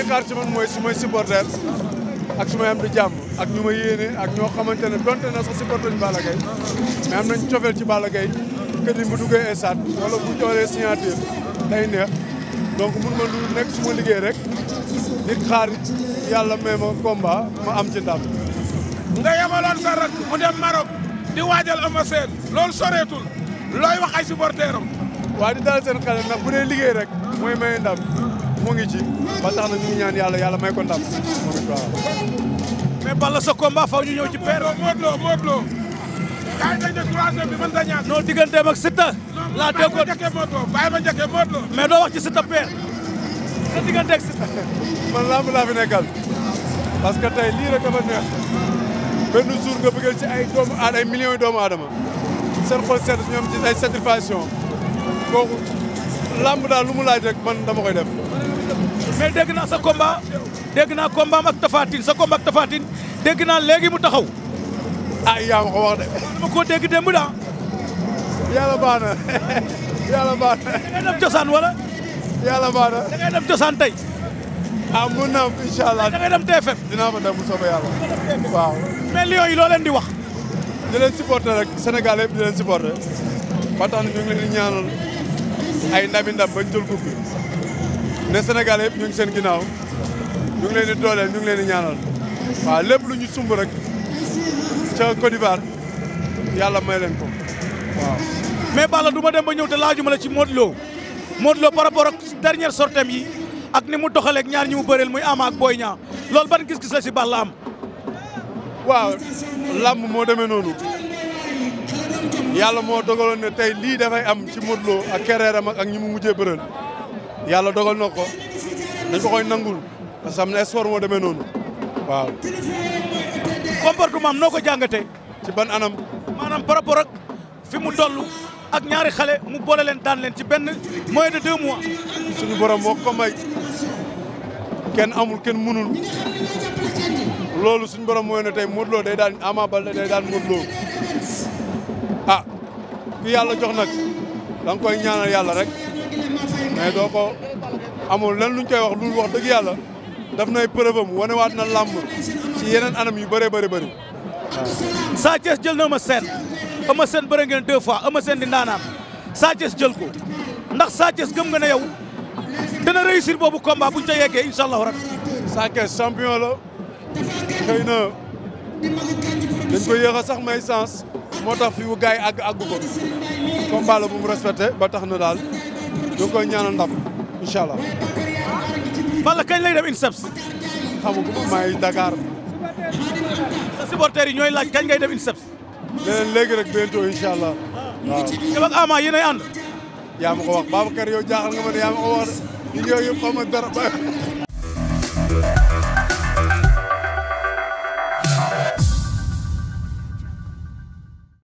ñuy xaar ci man mooy su may ak su may am di jàmm ak ñu ma yéene ak ñoo xamante ne donte na sax supporter ñu Balla Gaye mais am nañ cofeel ci Balla Gaye que ni bu duggee stade wala bu joolee signature day neex donc mun ma nekk su ma liggéey rek di xaar yàlla may ma combat ma am ci ndam. nga yemaloon sa rak mu dem Maroc di waajal ama seen loolu soreetul looy wax ay supporteram. waa di daal xale ndax bu dee liggéey rek mooy may ndam. mu ngi ci ba na ñu ngi ñaan yàlla yàlla may ko ndam moom it waaw. mais Balla sa combat laa déggoon bàyyi ma doo wax ci Siteu paire. sa diggante ak Siteu. man laa fi nekkal. parce que tey lii rek dafa neex. nga bëggal ci ay doomu aadama ay millions ñoom ci ay satisfaction. kooku lamb daal lu mu laaj rek mais dégg naa sa combat dégg naa combat ak Tafatine sa combat ak Tafatine dégg naa léegi mu taxaw. ay yaa ma ko wax de. dama koo dégg démb daa. yàlla baax na na. da ngay dem cosaan wala. yàlla baax na da ngay dem ah, na incha allah da ngay dem TFM. dinaa fa di wax. di leen supporter rek Sénégal yëpp di leen supporter ba tax na ñu ngi leen di ay ndami ndam bañ jël coupe ne senegal yëpp ñu ngi seen ginnaaw ñu ngi doole di dooleel ñu ngi ñaanal waaw lépp lu ñu sumb rek ca Côte d'Ivoire yàlla may leen ko waaw. mais Balla du ma dem ba ñëw te laajuma la ci Modou Lo Modou Lo par rapport ak dernière sortem yi ak ni mu doxaleeg ñaar ñi mu bëreel muy Ama Boy Niang loolu ban gis-gis la ci Balla am. waaw làmb moo demee noonu yàlla moo dogaloon ne tey lii dafay am ci Modou Lo ak kereeram ak ñi mu mujjee bëreel. yàlla dogal na ko dañ ko koy nangul parce que am na sport moo demee noonu waaw. comportement am noo ko jàngatee. ci ban anam. maanaam par rapport ak fi mu toll ak ñaari xale mu boole leen daan leen ci benn moyen de deux mois. suñu borom moo ko kenn amul kenn mënul loolu suñu borom mooy ne tey Modou Lo day daan Ama Baldé day ku ah, yàlla jox nag da koy ñaanal yàlla rek. mais doo ko amul lan luñ koy wax lu wax dëgg yàlla daf nay preuve am wanewaat na làmb ci yeneen anam yu bëree bëri bëri waaw. jël na ma seen ama seen bëri ngeen fois ama seen di ndaanaan Sa Thiès jël ko ndax Sa Thiès gëm nga ne yow dana réussir boobu combat buñ ca yeggee incha allahu rabbi. Sa Thiès la xëy na dañ ko yéex a sax may sens moo tax fi mu gars yi àgg àggu ko combat la bu mu respecté ba tax na daal. ñu ngi koy ñaanal ndam kañ lay dem INSEPS. xamaguma maa ngi Dakar. sa supporters yi ñooy laaj kañ ngay dem INSEPS. leneen léegi rek bientôt incha allah waaw. yow ak Ama yaa ma ko wax Babacar yow jaaxal nga ma ne yaa ma ko wax de ñun yooyu yëpp xam